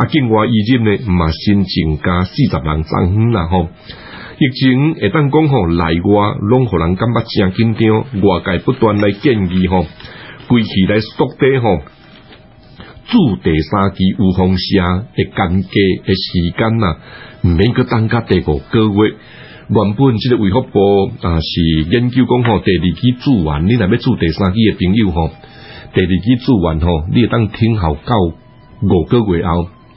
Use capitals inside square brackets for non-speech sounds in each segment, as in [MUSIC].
啊，經話以前你唔係先增加四十人增啦，吼、哦、疫情會當講吼，嚟嘅攏互人感覺誠緊張，外界不斷來建議，吼、哦，規期來縮短，吼、哦，住第三期有風險嘅間隔嘅時間啊，毋免擱等甲第五個月。原本即個衛福部，啊，是研究講吼、哦，第二期住完，你若要住第三期嘅朋友，吼、哦，第二期住完，嗬、哦，你當等聽候到五個月後。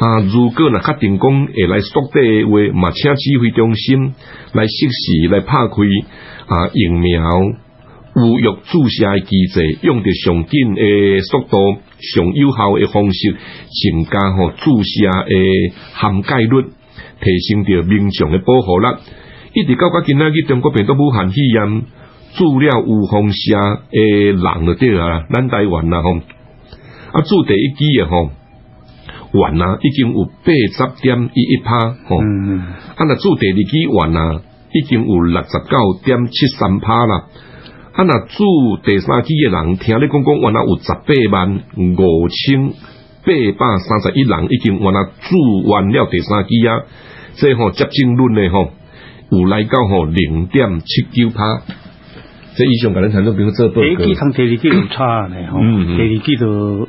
啊！如，如果若確定講會來速遞誒話，嘛請指揮中心來實時來拍開啊疫苗，有欲注射誒機制，用着上緊誒速度、上有效誒方式增加吼、哦、注射誒含概率，提升着民眾誒保護力。一直到到今仔日，佢中國病毒武漢肺炎做了有風險誒人到啲啊，咱台灣啊，吼啊注第一期誒吼。.雲啊，已經有八十點一一趴，哦、嗯，阿那做第二期雲啊，已經有六十九點七三趴啦，阿那做第三期嘅人聽，聽你講講，原來有十八萬五千八百三十一人已經原來做完了第三期啊，即係我接近率呢、哦，吼有來到吼零點七九趴，即係以，以上嗰啲產生，比如做多。第二期同第二期有差嘅，嗬， [COUGHS] 嗯嗯第二期度。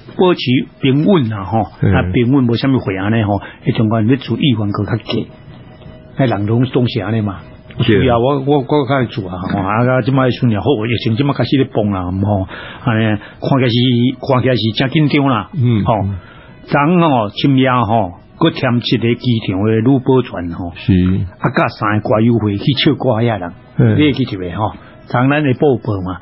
保持平穩啊！吼，啊，平穩無什麼危險嘞！吼，迄種仲講要住醫院佢較緊，迄人攏東斜嘞嘛？需要是我我我較始做啊！啊，即擺算又好，疫情即擺開始咧崩啊！咁吼，看起是看起是真緊張啦！嗯，吼，昨昏吼深夜吼，閣添一個機場誒女保全吼，是啊、嗯，甲三個歌友會去唱歌迄個人！你會記住袂吼，昨昏咱誒報告嘛。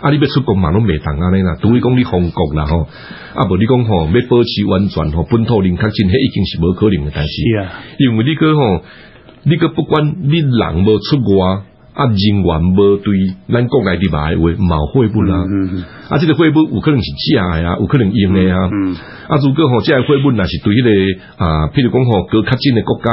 啊！你要出國嘛攏袂當安尼啦。除非講你封國啦，吼，啊，無你講吼、哦，要保持完全吼本土零確診迄已經是無可能嘅。但是，因為你閣吼，你閣不管你人無出國啊，人員無對咱國內啲買會冇貨物來。啊，即、mm hmm. 啊這個貨物有可能是正的啊，有可能用嘅呀。Mm hmm. 啊，如果吼、哦，即係貨物，若是對迄個啊，譬如講吼、哦，閣較近的國家。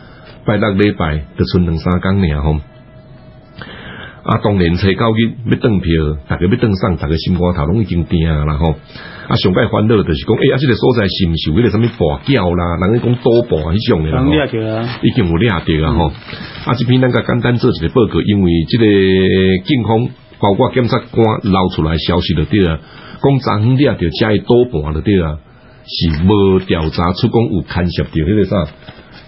拜六禮拜就剩兩三工爾，吼啊，當年找交錢要等票，逐個要等上，逐個心肝頭攏已經掂啦，吼啊，上拜煩惱就是講，誒、欸，啊，即、這個所在是毋是迄個什麼跋筊啦，人咧講多跋迄種誒啦、啊，已經有掠着啊。吼、嗯、啊，即篇咱較簡單做一個報告，因為即個警方包括檢察官漏出來消息就着啊講昨昏掠着遮爾跋就着啊，是無調查出講有牽涉到迄、那個啥？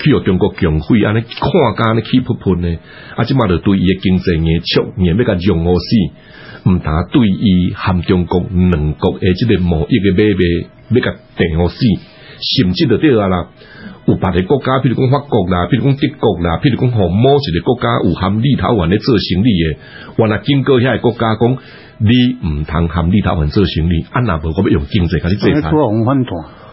佢用中國強輝，安尼看家安尼氣噴噴呢？即馬著對伊嘅經濟嘅觸，咩咩甲用我死，毋但對伊含中國兩國誒即個貿易誒買賣咩甲定我死，甚至著對啊啦，有別啲國家，譬如講法國啦，譬如講德國啦，譬如講互某一個國家有含立陶宛啲做生理誒，原來經過遐啲國家講，你毋通含立陶宛做生理，啊若無我欲用經濟甲你制裁。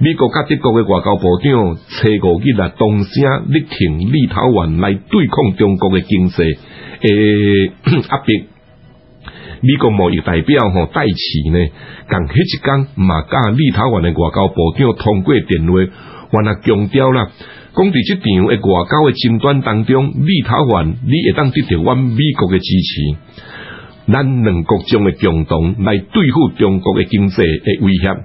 美國甲德國嘅外交部長齊國傑啊，當聲力挺立陶宛來對抗中國嘅經濟。誒、欸，壓迫、啊，美國貿易代表吼戴琪呢，共迄一間馬甲立陶宛嘅外交部長通過電話，還係強調啦，講佇即場嘅外交嘅爭端當中，立陶宛你會當得到阮美國嘅支持，咱兩國將嘅共同嚟對付中國嘅經濟嘅威脅。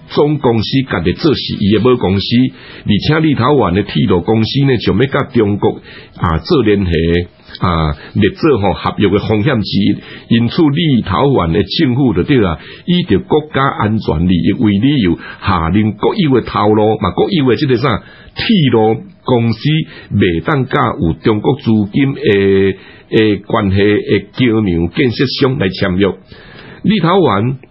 總公司甲日做事，伊的母公司，而且立陶宛的鐵路公司呢，就要跟中國啊做聯繫啊，嚟做好合約、啊、的風險之一。因此，立陶宛的政府就點啊，以着國家安全利益為理由，下令國有嘅透露，嘛國有嘅即係啥，鐵路公司未當甲有中國資金誒誒關係誒橋樑建設商來簽約，立陶宛。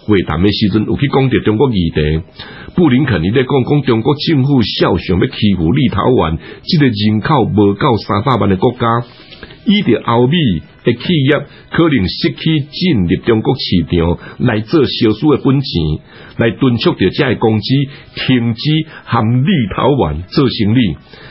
為談的時陣有去講到中國議題？布林肯一哋講講中國政府效想要欺負立陶宛，即個人口唔夠三百萬嘅國家，依啲歐美嘅企業可能失去進入中國市場來做銷售嘅本錢，嚟敦促著即係公司停止含立陶宛做生意。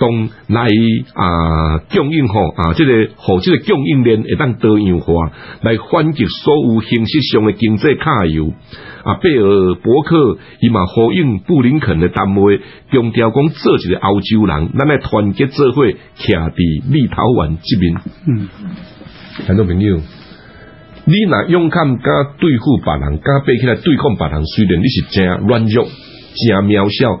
當嚟啊、呃、供應吼啊，即、這、即、個、個供應鏈會當多樣化，來緩解所有形式上的經濟卡油。貝、啊、爾伯克以埋呼應布林肯的談話，強調講做一個歐洲人，咱嚟團結社會，徛喺立陶宛這邊。嗯，很多朋友，你若勇敢加對付別人，加背起來對抗別人，雖然你是真軟弱，真渺小。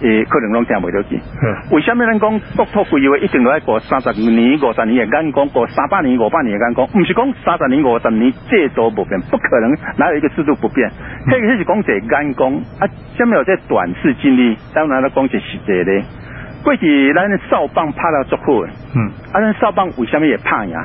誒，可能兩聽唔到見。嗯、為什麼你講國土一定要一個三十年、五十年嘅眼光，過三百年、五百年嘅眼光？唔是講三十年、五十年最多不變，不可能，哪有一個制度不變？呢啲係講只眼光，啊，下面有啲短視經歷，當然啦，講起是啲過去咱嗱，少棒拍了足好，嗯，啊，少棒為咩嘢拍贏呀？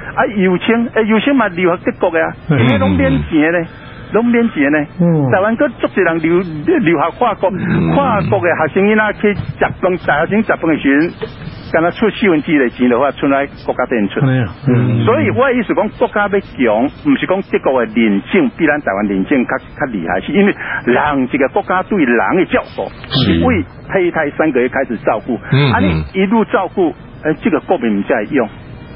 啊，友情，誒、啊，友情嘛，留學德國個啊，因為攏免錢咧，攏免錢咧。台灣閣足儕人留留學跨國，跨、嗯、國嘅學生伊呐，去集中大學生集中時陣，咁啊出四分之二錢的話，出來國家都唔出。嗯嗯、所以，我意思講，國家要強，毋是講德國嘅人性，比咱台灣人性較較厲害，是因為人，一、這個國家對人嘅照顧，是因為胚胎三個月開始照顧，嗯、啊，你一路照顧，誒、欸，即、這個國民毋在用。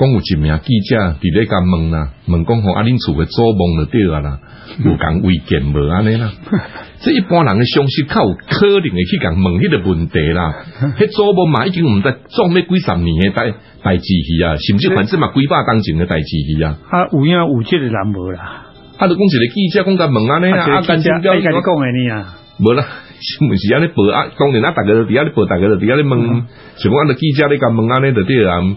講有一名記者在在、啊，佇咧甲問啦，問講吼啊恁厝誒祖夢就啊啦，有共違建無安尼啦。即一般人誒相信，較有可能會去甲問迄個問題啦。迄祖夢嘛已經毋知做咩幾十年誒代代志去啊？甚至甚至嘛幾百年前誒代志去啊？啊，有影有即個人無啦。啊着講一個記者講甲問安尼啊，啊乾淨着，你講誒呢啊，無啦。是毋是阿啲背啊講年阿逐個，都佇遐咧背，逐個都，佇遐咧問，想講阿記者呢甲問阿你就啲啊。